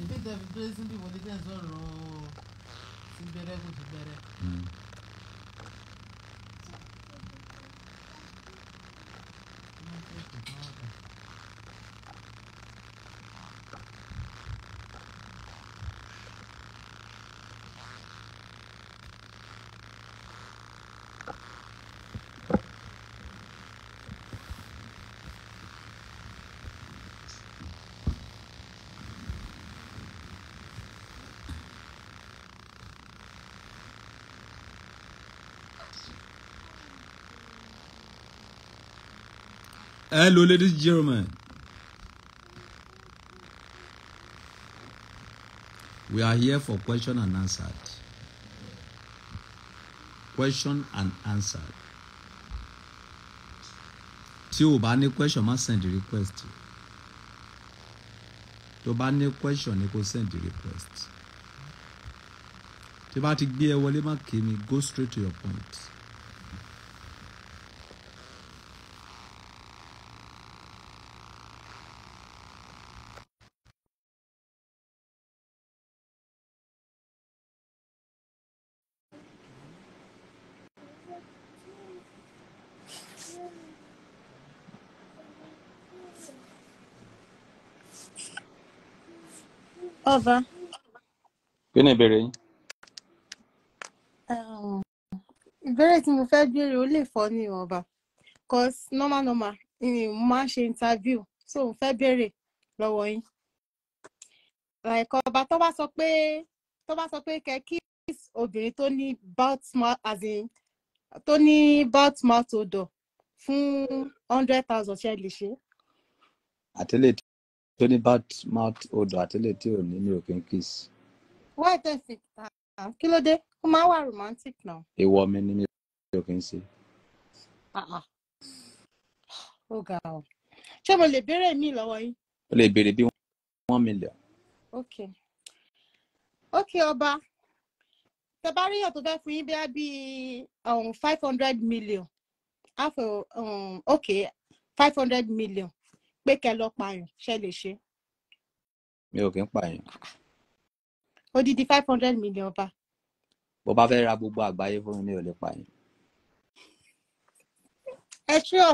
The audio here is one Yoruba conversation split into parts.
Simbide simbide bolide zoro simbere kutubere. Thank you. Hello, ladies and gentlemen. We are here for question and answer. Question and answer. Tí o bá ní question, má send the request. Tó bá ní question ni kó send the request. Tí bá ti gbé ẹ wọlé má kémi, go straight to your point. Ọba, Kí ni ìbéèrè yín? um, ìbéèrè tí mo fẹ́ béèrè ó lè fọ́ ní ọba. Cause normal normal ni mo máa ń ṣe interview so mo fẹ́ béèrè lọ́wọ́ yín. Like ọba tó bá sọ pé tó bá sọ pé kẹ́ kiss obìnrin tó ní bad mouth as in tó ní bad mouth odor fún hundred thousand ṣe lè ṣe. Àtẹ̀lé tó ní bad mouth odò àtẹlẹ tí ò ní ní òkín kiss. why ten fi kí ló dé ó máa wà romantic náà. ìwọ mi ni mi ò kí n ṣe. Ah, ah. ó ga ọ ṣé mo lè béèrè mi lọ́wọ́ yín. o lè béèrè bí one million. ok ok ọba tẹ bá rí èèyàn tó fẹ́ fún yín bí i um, five hundred million after um, ok five hundred million pé kẹ lọ pààyàn ṣe lè ṣe. mi ò kí ń pààyàn. odidi five hundred million ọba. bó bá fẹ́ ra gbogbo àgbáyé fún mi mi ò lè pààyàn. ẹ ṣú ọ.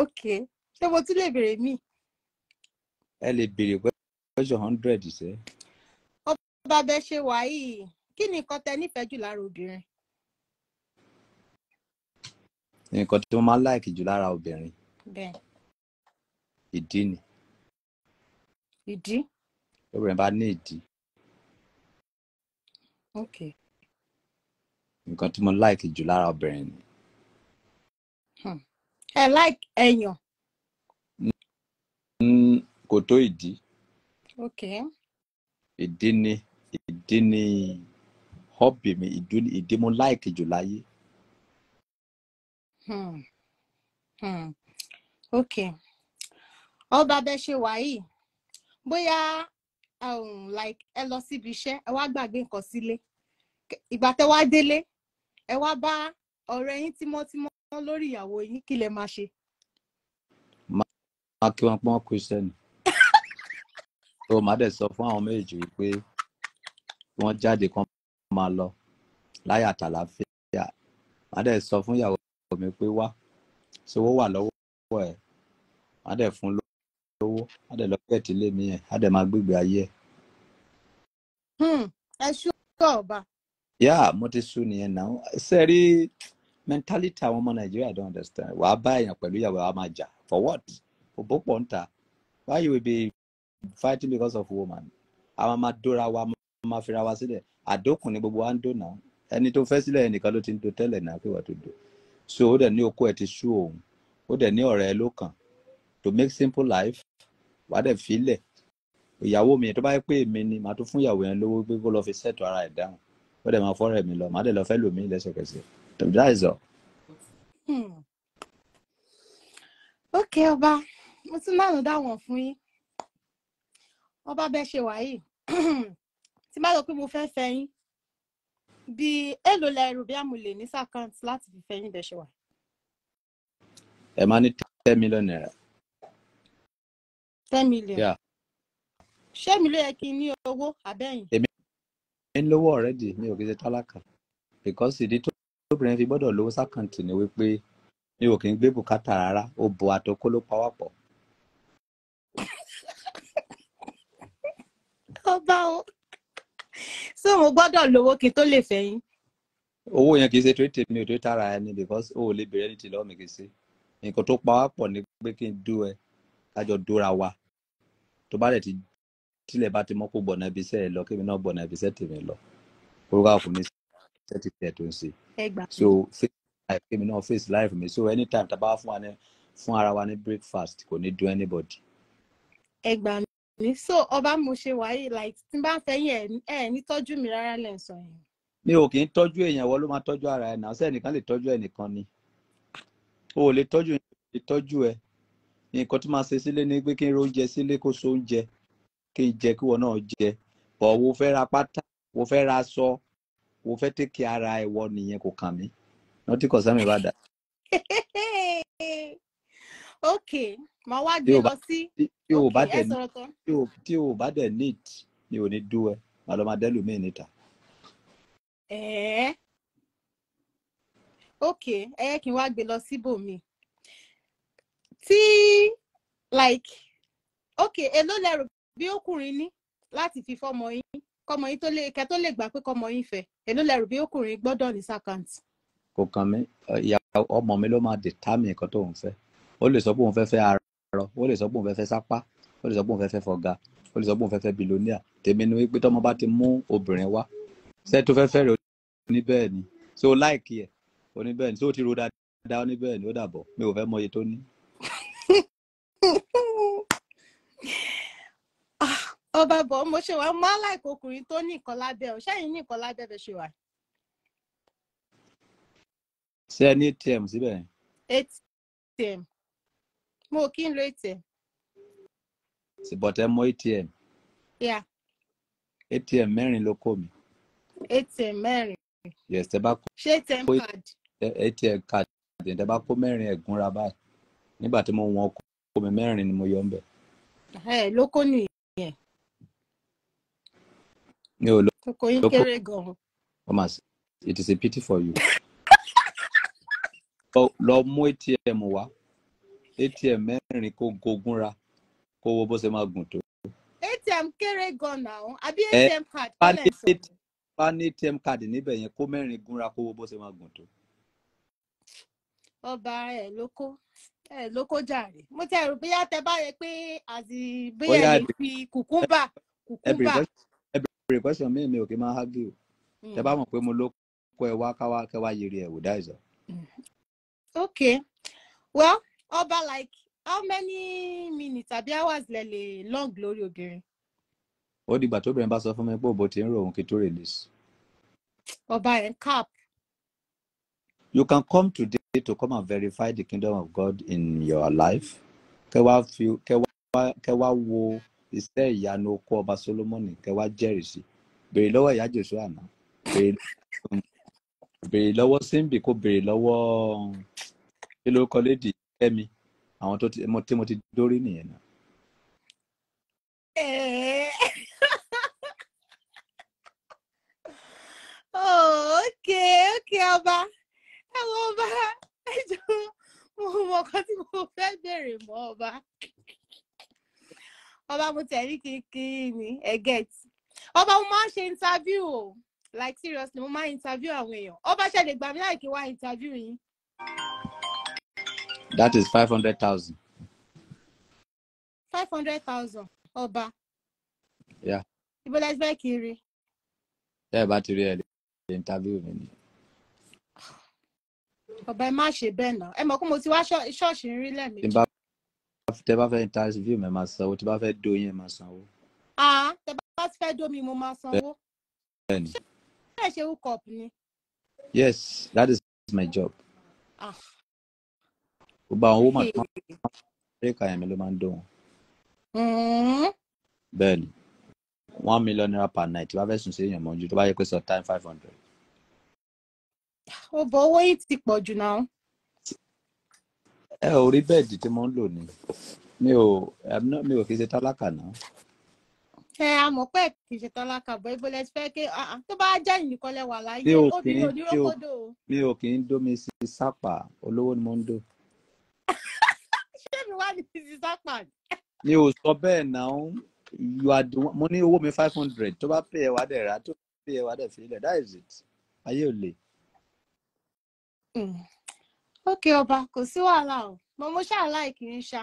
ok ṣé mo tún lè béèrè mí. ẹ lè béèrè question hundred ṣe. ọba bẹ ṣe wà yìí kí ni nǹkan tẹ nífẹ̀ẹ́ jù lára obìnrin nǹkan tí wọ́n máa ń láìkì jù lára obìnrin. bẹ́ẹ̀. ìdí ni. ìdí. obìnrin bá ní ìdí. ok. nǹkan tí mo láìkì jù lára obìnrin ni. Hmm. ẹ láìkì ẹyàn. Hmm, kò tó ìdí. ok. ìdí ni ìdí ni hobby mi ìdí mo láìkì jù láyé um um ok ọba bẹ ṣe wà yìí bóyá um, like ẹ lọ síbi iṣẹ́ ẹ wá gbàgbé nǹkan sílé ìgbà tẹ wá délé ẹ wá bá ọ̀rẹ́ yín tímọ́tímọ́ lórí ìyàwó yín kí lẹ máa ṣe. máa kí wọn pọn kírísítẹ́nì tó máa dẹ̀ sọ fún àwọn méjì wípé wọ́n jáde kan máa lọ láyà tàlàfíà máa dẹ̀ sọ fún ìyàwó mi pé wá sowó wà lọ́wọ́ ẹ̀ má dẹ̀ fún lówó má dẹ̀ lọ́ọ́ bẹ̀ẹ̀ tílé mi ẹ̀ má dẹ̀ máa gbégbé ayé ẹ̀. Hmm, ẹ ṣú ọba. yá mo ti sú nìyẹn náà ṣe rí mentality àwọn ọmọ nàìjíríà don't understand wàá bá èèyàn pẹ̀lú ìyàwó wa máa jà for what òbó pọ̀ ń ta why you will be fighting because of woman àwọn máa dóra wa máa fira wa sílẹ̀ àdókùn ni gbogbo wa ń dó náà ẹni tó fẹ́ sílẹ̀ ẹnìkan ló ti ń do tẹ́lẹ̀ náà kí wọ́n tó do so ó dẹ̀ ní oko ẹ̀ ti sú òun ó dẹ̀ ní ọ̀rẹ́ ló kàn to make simple life wàá dẹ̀ filẹ̀ ìyàwó mi tó bá yẹ pé èmi ni màá tún fún ìyàwó yẹn lówó pé kó lọ fi ṣètò ara ẹ̀ dáhùn ó dẹ̀ máa fọ́rọ̀ mi lọ màá dẹ̀ lọ fẹ́ lòmí lẹ́sẹ̀kẹsẹ̀ That is all. Hmm. ok ọba mo tún márùn dáwọn fún yín ọba bẹ́ẹ̀ ṣe wà yìí tí má lọ pé mo fẹ́ fẹ́ yín bí èlò la ẹrù bí a mú lè ní sàkáǹt láti fi fẹ̀yìn bẹ̀ ṣe wà. ẹ máa ní ten million naira. ten million. ṣé mi ló yẹ kí n ní owó abẹ́yìn. èmi ń lówó already mi ò kí ṣe tálákà because ìdí tó obìnrin fi gbọ́dọ̀ lówó sàkáǹtì ni wípé mi ò kí ń gbé bùkátà rárá ó bo àtọkó ló pawọ́pọ̀. ọba o so mo gbọ́dọ̀ lówó kí n tó lè fẹ́ owó yẹn kì í ṣe torí tèmi ò torí tara ẹ ni because o ò lè bèrè anything lọ́wọ́ mi kì í ṣe nǹkan tó pa wá pọ̀ ni pé kí n dú ẹ kájọ dóra wa tó bá dẹ̀ ti tílẹ̀ bá ti mọ́ kó gbọ̀nà ibi iṣẹ́ ẹ lọ kémi náà gbọ̀nà ibi iṣẹ́ tèmi lọ orúkọ àfún mi sẹ́tì tẹ̀ tó ń ṣe so face life kémi náà face life mi so anytime tá a bá fún ara wa ní breakfast kò ní dùn anybody. ẹ gbà so ọba mo ṣe wáyé like tí n bá fẹ́ yẹn ẹ ní tọ́jú mi rárá lẹ́ sọ yẹn. mi ò kì í tọ́jú èèyàn wọ́n ló máa tọ́jú ara ẹ̀ náà ṣé ẹnìkan lè tọ́jú ẹnìkan ni o ò lè tọ́jú lè tọ́jú ẹ nǹkan tó máa ṣe sílé ni pé kí n ro oúnjẹ sílé kó so oúnjẹ kí n jẹ kí wọn náà jẹ bọ̀ wo fẹ́ ra pátá wo fẹ́ ra aṣọ wo fẹ́ tẹ́kẹ̀ ara ẹ̀ wọ nìyẹn kò kàn mí wọ́n ti kọ̀ sámi ok màá wá gbé lọ sí. tí o bá dẹ̀ tí o tí o bá dẹ̀ need ni ò ní dú ẹ màá lọ máa dẹ́lù míì níta. ẹ̀ẹ́ ok ẹ yẹ kí n wá gbé lọ síbòmí tí like okay. èló lẹ́rù bí ọkùnrin ní láti fi fọ́mọ yín kọ́mọ yín tó lè kẹ́ tó lè gbà pé kọ́mọ yín fẹ́ èló lẹ́rù bí ọkùnrin gbọ́dọ̀ ní sàkáǹtì. kò kàn mí ìyá ọmọ mi ló máa determine nǹkan tó ń fẹ́ ó lè sọ pé òun fẹ́ fẹ́ ara àárọ̀ ó lè sọ pé òun fẹ́ fẹ́ sápá ó lè sọ pé òun fẹ́ fẹ́ fọ̀gá ó lè sọ pé òun fẹ́ fẹ́ bìlóníà tèmi ni wípé tọ́mọ bá ti mú obìnrin wá ṣé tó fẹ́ fẹ́ rẹ̀ oníbẹ̀ ni ṣé o láìkí ẹ̀ oníbẹ̀ ni ṣé o ti ro dáadáa oníbẹ̀ ni ó dàbọ̀ mi ò fẹ́ mọ iye tó ní. Ah, ọba bọ̀ mo ṣe wá má láìkó ọkùnrin tó ní nǹkan lábẹ́ ọ̀ ṣẹ́yìn ní nǹkan lábẹ́ bẹ́ẹ̀ ṣe wà. ṣé ẹ ní atm síbẹ̀? atm mo kí n lo atm. sì bọ̀tẹ́ atm. Yeah. atm mẹ́rin ló kó mi. atm mẹ́rin. yes tẹ bá kó. ṣé atm card. atm card tẹ bá kó mẹ́rin ẹ̀gúnra báyìí nígbà tí mo wọn kó mi mẹ́rin ni mo yọ ń ẹ ló kó nìyẹn. mi ò lọ. kókó yín kéré gan-an. it is a pity for you. lọ mú atm wá. atm mẹrin kó gogúnra kó wo bó ṣe máa gùn tó. atm kéré gan-an ọ̀hún àbí atm card kọ́lẹ̀ sọ. bá atm card níbẹ̀ yẹn kó mẹ́rin gúnra kó wo bó ṣe máa gùn tó. ọba ẹ lóko ẹ lóko jàre mo tẹ ẹrù bá pé àti ẹ fi mi ò kí máa o hmm. tẹ bá mọ̀ pé mo ẹ yiri ẹ ọba like how many minutes àbí hours lẹ lè long glory obìnrin. ó dìgbà tóbìnrin bá sọ fún mi pé òbò ti ń rò òun kí tó release. ọba yẹn cap. you can come today to come and verify the kingdom of God in your life. Kewa few, kewa kewa wo He said, oko ọba Solomoni kẹ wá jẹ́rìí sí béèrè lọ́wọ́ ìyá Joshua àná béèrè lọ́wọ́ Simbi kó béèrè lọ́wọ́ kí ló mi àwọn tó tí mo ti dórí nìyẹn náà. Eh. Oh, ok ok ọba ẹ wọ ọba ẹ jọ mo mọ ọkàn tí mo fẹ́ bèrè mọ́ ọba ọba mo tẹ̀lé kíkiri ni ẹ get ọba mo máa ń ṣe interview o like seriously mo máa ń interview àwọn èèyàn ọba ṣe lè gbà mí láì kí wá interview yín. That is five hundred thousand. Five hundred thousand ọba. Yeah. Ibo lẹ fẹ́ kiri. Tẹ́ ẹ bá ti interview mi ni. Ọba ẹ má ṣe bẹ́ẹ̀ náà. Ẹ mọ̀ pé mo ti wá ṣọ́ọ̀ṣì ń rí lẹ́ẹ̀mejì. Tẹ́ bá fẹ́ interview mi, màá sanwó. Tẹ́ bá fẹ́ do yín, màá sanwó. Àá tẹ́ bá Yes, that is my job. Ah gbogbo àwọn owó màtí wọn amẹ́ríkà yẹn mi ló máa ń dùn wọn. Mm-hmm. one million naira per night tí wọ́n fẹ́ sùn sí èèyàn mọ́jú tó bá yẹ pé sọ time five hundred. ó bọ owó yìí ti pọ̀ jù náà. ẹ ò rí bẹ́ẹ̀dì tí mo ń lò ní mi ò mi ò kì í ṣe tálákà náà. ẹ a mọ̀ pé kì í ṣe tálákà bọ́ ibo lẹ ti fẹ́ kí ah, ah, tó bá jẹ́ ìnìkọ́lẹ̀ wà láyé obìnrin oníròkódò. mi ò kì í dómi sí sápà olówó ni mo ń dò ṣé mi wá ní mrs akpan. mi ò sọ bẹ́ẹ̀ náà you are the one mo ní owó mi five hundred tó bá pè é wá dẹ̀ rà tó pè é wá dẹ̀ fi lẹ̀ that is it ayé ò le. ókè hmm. ọba kò sí wàhálà o mo mo ṣáà láìkì ń ṣá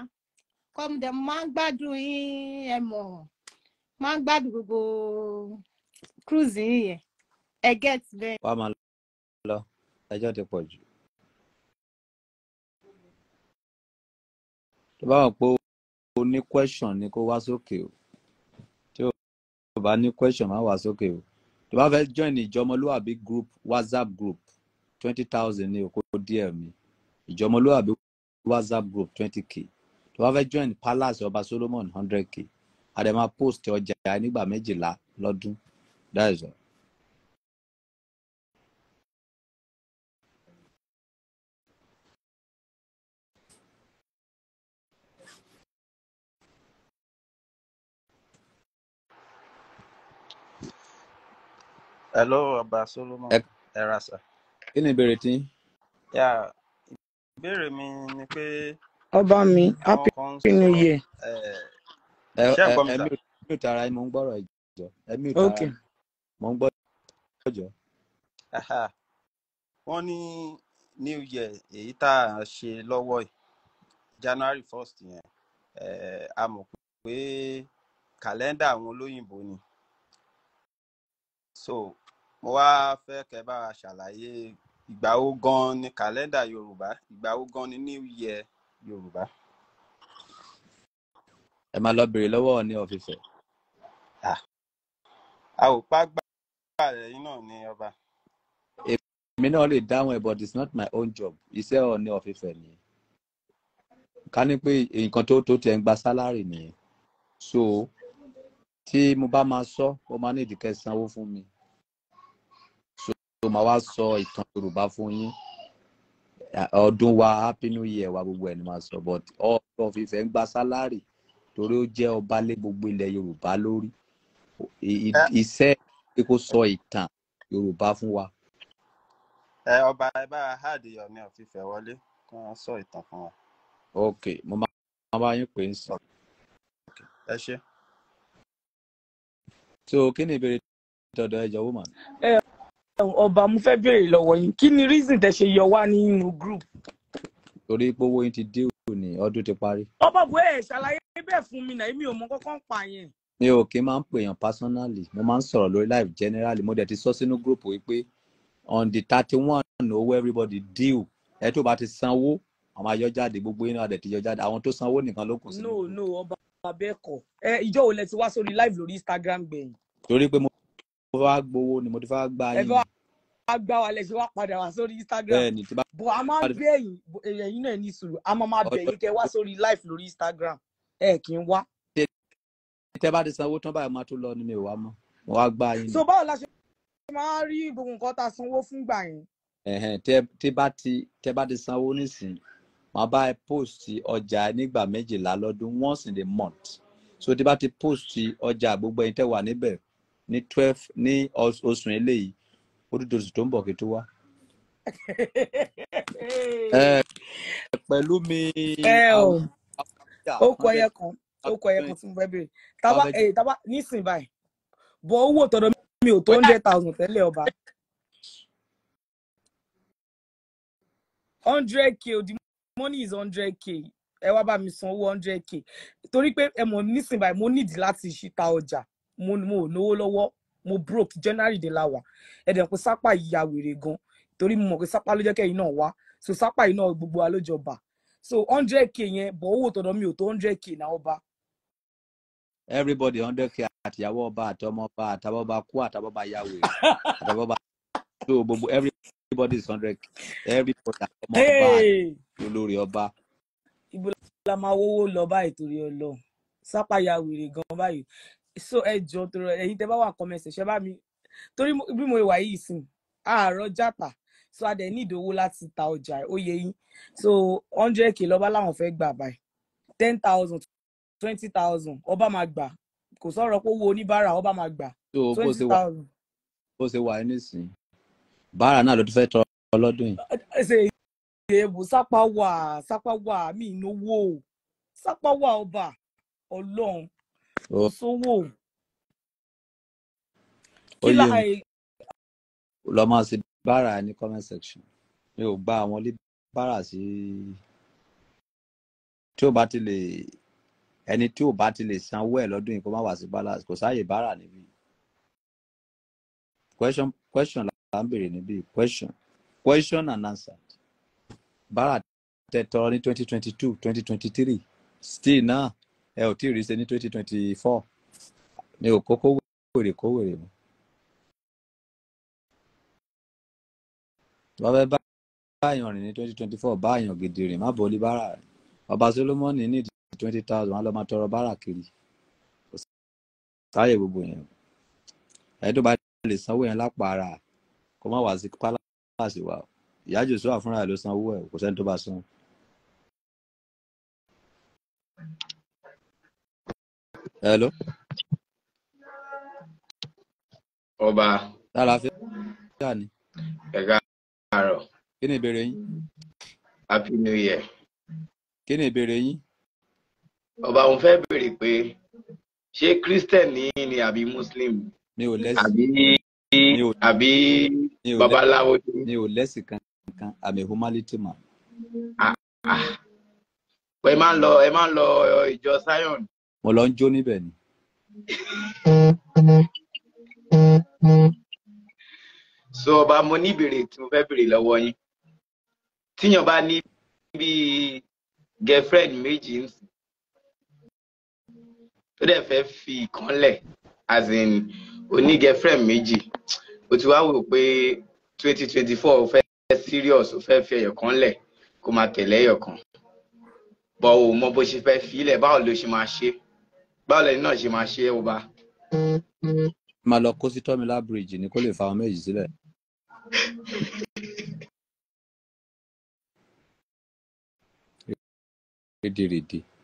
kọ́mùdé mo máa ń gbádùn yín ẹ mọ̀ máa ń gbádùn gbogbo cruise yín yẹn ẹ get bẹ́ẹ̀. wàá máa lọ ẹjọ́ ti pọ̀ jù. tó bá wà pé o ní question ni kó wá sókè o tí o bá ní question má wá sókè o tó bá fẹ́ join ìjọmọlúwàbí group whatsapp group twenty thousand ní okó díẹ̀ mi ìjọmọlúwàbí whatsapp group twenty k tó bá fẹ́ join palace ọba solomon hundred k àdèmà post ọjà nígbà méjìlá lọ́dún that is all. Hello, Ọba Solomon. Ẹ Ẹ ra sà. kí ni ìbéèrè tí? Yà ìbéèrè mi ni pé Ọba mi, happy new year. ṣé ẹ mi ẹ sà? mute mute mo ń gbọ́rọ̀ ìjọ. Ẹ mute ara Okay. yín mo ń gbọ́rọ̀ ìjọ. Aha. Wọ́n ní New Year èyí tá à ṣe lọ́wọ́ yìí January first st yẹn eh, a mọ̀ pé kàlẹ́ndà àwọn olóyìnbó ni. So mo wá fẹ́ kẹ́ bá wa ṣàlàyé ìgbà wo gan ni kàlẹ́ndà yorùbá ìgbà wo gan ni new year yorùbá. ẹ máa lọ bèrè lọ́wọ́ ní ọ̀fíìsì. a ò pa gbàgbà rẹ̀ yín náà ní ọba. èmi náà lè dáhùn ẹ but it's not my own job iṣẹ́ ọ̀ ní ọ̀fíìsì ni ká ní pé nǹkan tó tó tiẹ̀ ń gba sálárì nìyẹn so tí mo bá máa sọ ó máa ní ìdíkẹ́ sanwó fún mi máa wá sọ ìtàn yorùbá fún yín ọdún wa happy new year wa gbogbo ẹ̀ ni máa sọ but ọ̀rọ̀ fífẹ́ ń gba sálárì torí ó jẹ́ ọba lé gbogbo ilẹ̀ yorùbá lórí iṣẹ́ pé kó sọ ìtàn yorùbá fún wa. ẹ ọba ẹ bá háàdì yọmi ọfífẹ wọlé kí wọn sọ ìtàn fún wa. ok mo máa bá yín pè é sọ. ẹ ṣe. so kí ni ìbéèrè tọ̀dọ̀ ẹ jọ̀wọ́ ọba mo fẹ́ béèrè lọ́wọ́ yín kí ni reason tẹ́ ṣe yọ wá nínú group. torí pé owó yín ti dé òní ọdún ti parí. ọba bò ẹ ṣàlàyé bẹ́ẹ̀ fún mi náà èmi ò mọ kọ́kọ́ ń pa yẹn. mi ò kí máa ń pèèyàn personally mo máa ń sọ̀rọ̀ lórí live generally mo dẹ̀ ti sọ sínú group wípé on the thirty one owó everybody deal ẹ tó bá ti sanwó àwọn ayọ́jáde gbogbo inú adẹ̀ ti yọjáde àwọn tó sanwó nìkan ló kù sí. no no ọba abẹ́ẹ̀kọ̀ ẹ ìjọ́ wo lẹ ti wá sórí live lórí Instagram gbẹ̀yìn. torí pé mo fẹ́ gbowó ni mo ti fẹ́ gba yìí. ẹ bá gbá wa lẹ́sẹ̀ wá padà wá sórí Instagram. bẹ́ẹ̀ni tí bá bọ a máa bẹ ẹ̀yin ẹ̀yin náà ní sùúrù a máa máa bẹ ẹ̀yin kẹ́ wá sórí live lórí Instagram ẹ kì í wá. tẹ bá ti sanwó tán báyìí máa tó lọ ni mi mọ mo wá gbá yín. so báwo la ṣe máa rí gbogbo nǹkan tá a sanwó fún gbà yẹn. tẹ bá ti sanwó nísìnyí màá bá post ọjà nígbà méjìlá lọ́dún once in a month so tí bá ti post ọjà gbogbo ẹ̀yin tẹ́ wà níbẹ̀ ní twelve ní oṣù eléyìí ó dúdú oṣù tó ń bọ̀ kí tó wá. pẹ̀lú mi. ó kọ ẹyẹ kan ó kọ ẹyẹ kan tí mo fẹ́ béèrè tábà tábà nísìnyí báyìí bọ̀ owó tọ̀dọ̀ mi ò tó hundred thousand tẹ́lẹ̀ ọba. hundred k the money is hundred k ẹ wá bá mi san owó hundred k torí pé ẹ mọ̀ nísìnyí báyìí mo nídìí láti ṣíta ọjà. mo mo lọ́wọ́ mo broke january de la wà ẹ̀dẹ̀ pé sápà wèrè gan torí mo mọ̀ pé sápà ló jẹ́ kẹ́yìn náà wá so sápà gbogbo wa ló so hundred k yẹn bọ̀ owó tọ̀dọ̀ mi ò tó hundred k náà ọba. everybody hundred k àtìyàwó ọba àtọmọ ọba àtàbọ̀ ọba kú ọba ọba so gbogbo everybody is hundred k everybody àtọmọ ọba olórí ọba. la máa wówó lọ báyìí torí sápà wèrè gan so ẹ jọ tọrọ ẹ̀yin tẹ́ bá wà kọmẹsẹ ṣẹ bá mi torí bí mo wà yìí sìn àárọ̀ jàpá so a dẹ̀ ní ìdówó láti ta ọjà ó yẹ yín so hundred k lọ́ba làwọn fẹ́ gbà báyìí ten thousand twenty thousand ọba máa gbà kò sọ̀rọ̀ pé owó oníbàárà ọba máa gbà twenty thousand. bó ṣe wà nísìnyí bàárà náà ló ti fẹ́ tọrọ ọlọ́dún yìí. ṣe ìyẹ̀wò sápá wà sápá wà mí ìnáwó sápá wà ọba ọlọ́run kò sówó ó kí yé mi láì lọ máa ṣe bára ní comment section mi ò gba àwọn lé bára sí tí ò bá ti lè ẹni tí ò bá ti lè sanwó ẹ̀ lọ́dún yìí kó má wá sí balance kò sáàyè bára níbí question question la ń béèrè níbí question question and answer bára tẹ tọrọ ní twenty twenty two twenty twenty three still náà ẹ ò tí ì rí ṣe ní twenty twenty four mi ò kókó wèrè kó wèrè mu. wọ́n fẹ́ bá báyàn rìn ní twenty twenty four báyàn gidi rìn má bọ̀ oníbàárà rẹ̀ ọba Solomoni ní twenty thousand wọn lọ máa tọrọ bárà kiri kò sáyè gbogbo yẹn ẹ̀ tó bá lè sanwó yẹn lápá ara kó má wá sí pálásì wa ìyá Jòsúà fúnra ẹ̀ ló sanwó ẹ̀ kò sẹ́ni tó bá san hello. ọba. lálàáfíà ni. ẹ káàárọ̀. kí ni ìbéèrè yín. happy new year. kí ni ìbéèrè yín. ọba òun fẹ́ béèrè pé ṣé christian ni ni àbí muslim. mi ò lẹ́sìn. àbí àbí babaláwo. mi ò lẹ́sìn kankan àmì humanity man. Ah, ah. ẹ máa ń lọ ìjọ zion mo lọ ń jó níbẹ̀ ni. so ọba mo ní ìbéèrè tí mo fẹ́ béèrè lọ́wọ́ yín tíyàn bá ní bíi girlfriend méjì ń sìn tó dẹ̀ fẹ́ fi ìkan lẹ̀ as in oní girlfriend méjì o ti wá wò pé twenty twenty four o fẹ́ serious o fẹ́ fi ẹyọ̀kan lẹ̀ kó máa tẹ̀lé ẹyọ̀kan bọ̀ o mọ bó ṣe fẹ́ fi ilẹ̀ báwo ló ṣe máa ṣe báàlẹ̀ náà ṣe máa ṣe é ọba. máa lọ kó sí tọ́mílà bíríìjì ni kó lè fa àwọn méjì sílẹ̀. rédèrèdè.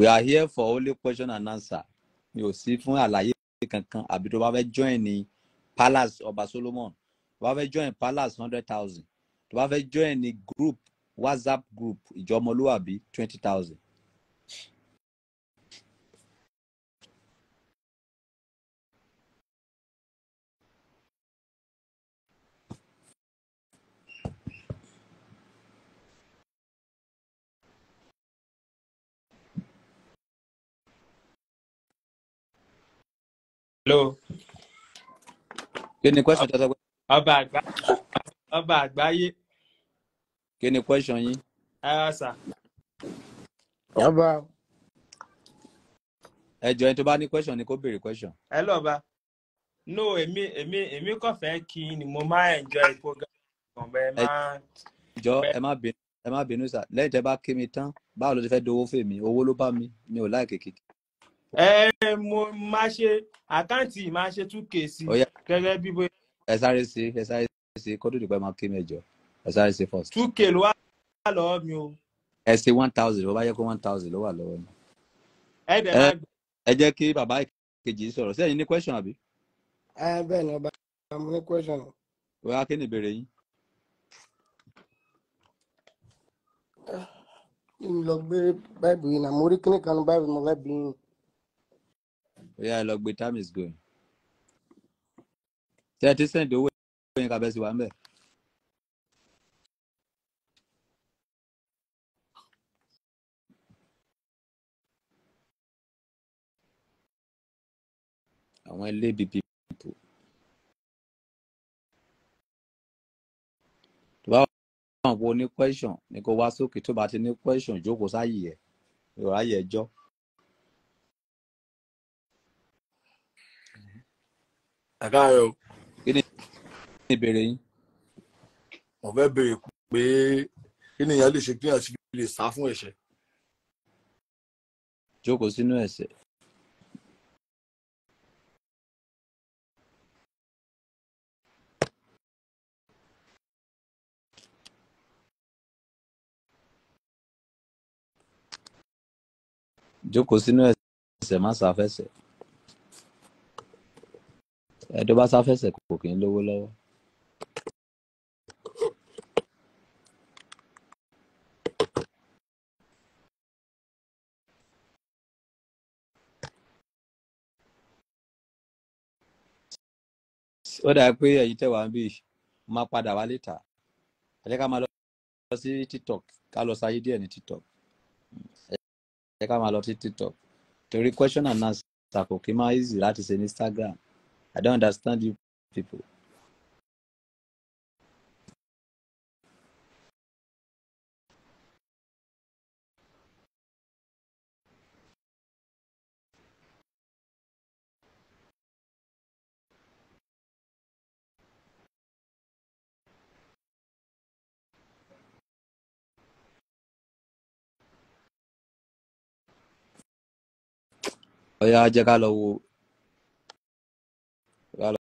we are here for only question and answer mi ò sí fún àlàyé kankan àbí tó bá fẹ́ join ní palace ọba solomon tó bá fẹ́ join palace hundred thousand tó bá fẹ́ join ní group whatsapp group ìjọ ọmọlúwàbí twenty thousand hello. kí ni question tẹ́tẹ́ pé. ọba àgbáyé. ọba àgbáyé. kí ni question yín. ara sà. ọba. ẹjọ ẹni tó bá ní question ni kó béèrè question. ẹ lọ bá no èmi èmi èmi kàn fẹ́ kí ni mo máa enjoy program ọ̀bẹ máa. ìjọ ẹ má bínú ẹ má bínú sà lẹ́yìn tẹ́ bá kí mi tán báwo ló ti fẹ́ dowó fèmí owó ló bá mi mi ò láì kékeré ẹ mo máa ṣe àkáǹtì máa ṣe two k sí gẹ́gẹ́ bí bóyá. ẹ sáré ṣe ẹ sáré ṣe kó dòdò pé máa kí mẹ́jọ ẹ sáré ṣe first. two k ló wà lọ́wọ́ mi o. ẹ ṣe one thousand ló bá yẹ kó one thousand ló wà lọ́wọ́ mi. ẹ dẹ̀ máa gbé. ẹ jẹ́ kí bàbá kejì sọ̀rọ̀ sẹ́yìn ní question àbí. ẹ bẹ́ẹ̀ ni ọba mo ní question. wọ́n á kí ni ìbéèrè yín. mi lọ gbé báìbù yìí nà mo rí kíní kan ní mo fẹ́ bóyá ẹ lọ gbé time is going. thirty ẹ ti sẹ́ǹdì owó yẹn kàbẹ́ sí wa ń bẹ̀. àwọn ilé bíbí pò tó bá wà wọn ní question ni kó wá sókè tó bá ti ní question jókòó sáyè ẹ ìrọ̀lá yẹ ẹjọ́. àkàrẹ o. kí ni ìbéèrè yín. mo fẹ́ béèrè pé kí ni ìyá lè ṣe kí ni àti lè sá fún ẹ̀ṣẹ̀. jókòó sínú ẹ̀ṣẹ̀. jókòó sínú ẹ̀ṣẹ̀ má sá ẹ̀dọ́ bá sáfẹ́sẹ̀ kò kì í lówó lọ́wọ́. ó dàbí pé ẹ̀yin tẹ́ wá ń bí máa padà wá létà ẹ jẹ́ ká máa lọ sí tiktok ká lọ sáyé díẹ̀ ní tiktok ẹ jẹ́ ká máa lọ sí tiktok torí question and answer kò kí máa easy láti ṣe ní instagram. I don't understand you people. Oya jẹ́ just lọ wo Hello.